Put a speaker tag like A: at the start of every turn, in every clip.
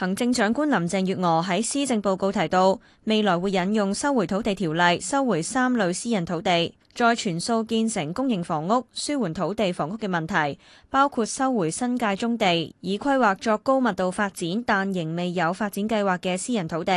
A: 行政長官林鄭月娥喺施政報告提到，未來會引用收回土地條例，收回三類私人土地，再全數建成公營房屋，舒緩土地房屋嘅問題，包括收回新界棕地，以規劃作高密度發展但仍未有發展計劃嘅私人土地。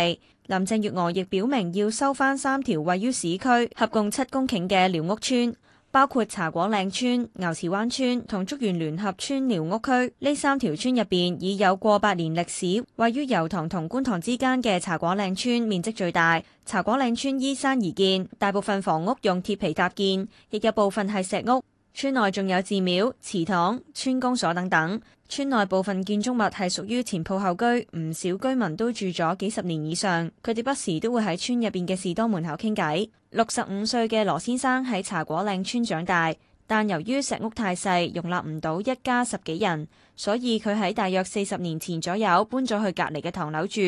A: 林鄭月娥亦表明要收返三條位於市區，合共七公頃嘅寮屋村。包括茶果嶺村、牛池灣村同竹園聯合村寮屋區，呢三條村入邊已有過百年歷史。位於油塘同觀塘之間嘅茶果嶺村面積最大。茶果嶺村依山而建，大部分房屋用鐵皮搭建，亦有部分係石屋。村內仲有寺廟、祠堂、村公所等等。村內部分建築物係屬於前鋪後居，唔少居民都住咗幾十年以上。佢哋不時都會喺村入邊嘅士多門口傾偈。六十五歲嘅羅先生喺茶果嶺村長大，但由於石屋太細，容納唔到一家十幾人，所以佢喺大約四十年前左右搬咗去隔籬嘅唐樓住。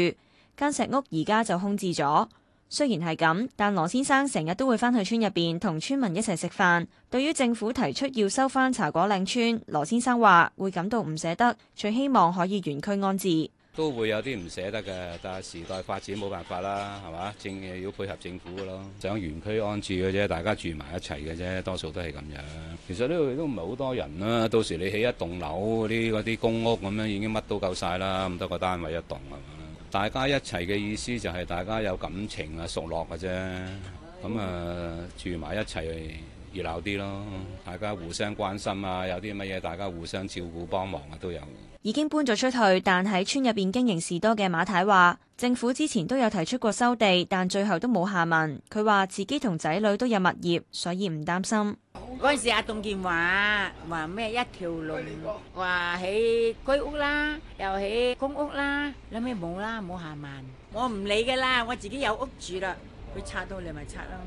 A: 間石屋而家就空置咗。雖然係咁，但羅先生成日都會翻去村入邊同村民一齊食飯。對於政府提出要收翻茶果嶺村，羅先生話會感到唔捨得，最希望可以原區安置。都
B: 會有啲唔捨得嘅，但係時代發展冇辦法啦，係嘛？正嘢要配合政府噶咯，想原區安置嘅啫，大家住埋一齊嘅啫，多數都係咁樣。其實呢度都唔係好多人啦，到時你起一棟樓，啲嗰啲公屋咁樣，已經乜都夠晒啦，咁得個單位一棟係嘛？大家一齊嘅意思就係大家有感情啊，熟絡嘅啫，咁啊、呃、住埋一齊熱鬧啲咯，大家互相關心啊，有啲乜嘢大家互相照顧幫忙啊都有。
A: 已經搬咗出去，但喺村入邊經營士多嘅馬太話：政府之前都有提出過收地，但最後都冇下文。佢話自己同仔女都有物業，所以唔擔心。
C: 嗰陣時阿董建華話咩一條龍，話起居屋啦，又起公屋啦，後咩冇啦冇下萬，我唔理噶啦，我自己有屋住啦，佢拆到你咪拆咯。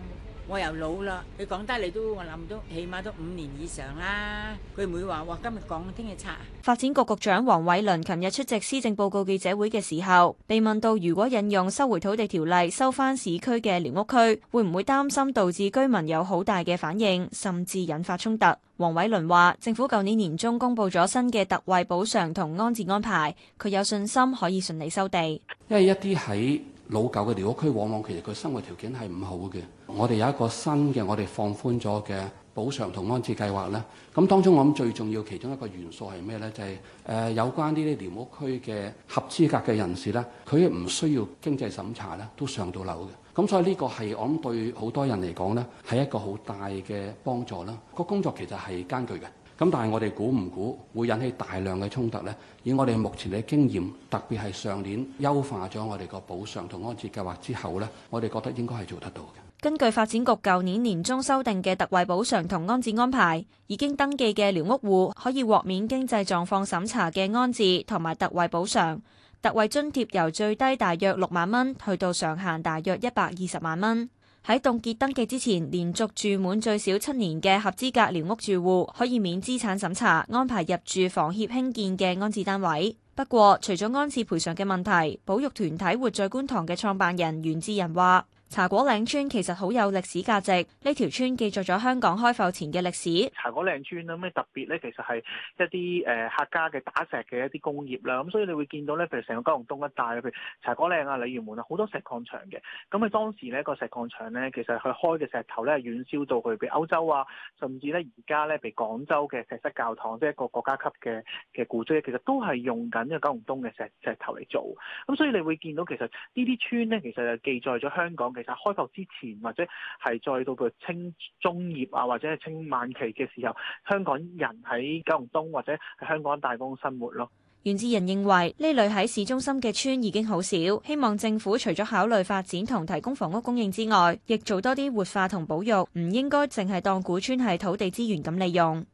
C: 我又老啦，佢講得你都我諗都起碼都五年以上啦。佢唔會話哇，今日講，聽日拆。
A: 發展局局長黃偉綸琴日出席施政報告記者會嘅時候，被問到如果引用收回土地條例收返市區嘅寮屋區，會唔會擔心導致居民有好大嘅反應，甚至引發衝突？黃偉綸話：政府舊年年中公布咗新嘅特惠補償同安置安排，佢有信心可以順利收地。
D: 因為一啲喺老舊嘅寮屋區往往，其實佢生活條件係唔好嘅，我哋有一個新嘅我哋放寬咗嘅補償同安置計劃啦。咁當中我諗最重要其中一個元素係咩呢？就係、是、誒、呃、有關呢啲寮屋區嘅合資格嘅人士呢，佢唔需要經濟審查呢，都上到樓嘅。咁所以呢個係我諗對好多人嚟講呢，係一個好大嘅幫助啦。個工作其實係艱巨嘅。咁但係我哋估唔估會引起大量嘅衝突呢？以我哋目前嘅經驗，特別係上年優化咗我哋個補償同安置計劃之後呢，我哋覺得應該係做得到嘅。
A: 根據發展局舊年年中修訂嘅特惠補償同安置安排，已經登記嘅寮屋戶可以獲免經濟狀況審查嘅安置同埋特惠補償，特惠津貼由最低大約六萬蚊去到上限大約一百二十萬蚊。喺凍結登記之前，連續住滿最少七年嘅合資格寮屋住戶可以免資產審查，安排入住房協興建嘅安置單位。不過，除咗安置賠償嘅問題，保育團體活在觀塘嘅創辦人袁志仁話。茶果嶺村其實好有歷史價值，呢條村記載咗香港開埠前嘅歷史。茶
E: 果嶺村有咩特別咧？其實係一啲誒客家嘅打石嘅一啲工業啦。咁所以你會見到咧，譬如成個九龍東一帶，譬如茶果嶺啊、鯉魚門啊，好多石礦場嘅。咁喺當時呢個石礦場咧，其實佢開嘅石頭咧係遠銷到去，譬如歐洲啊，甚至咧而家咧，譬如廣州嘅石室教堂，即係一個國家級嘅嘅古蹟，其實都係用緊呢個九龍東嘅石石頭嚟做。咁所以你會見到其實呢啲村咧，其實係記載咗香港。其實開埠之前，或者係再到佢清中葉啊，或者係清晚期嘅時候，香港人喺九龍東或者喺香港大公生活咯。
A: 袁志仁認為呢類喺市中心嘅村已經好少，希望政府除咗考慮發展同提供房屋供應之外，亦做多啲活化同保育，唔應該淨係當古村係土地資源咁利用。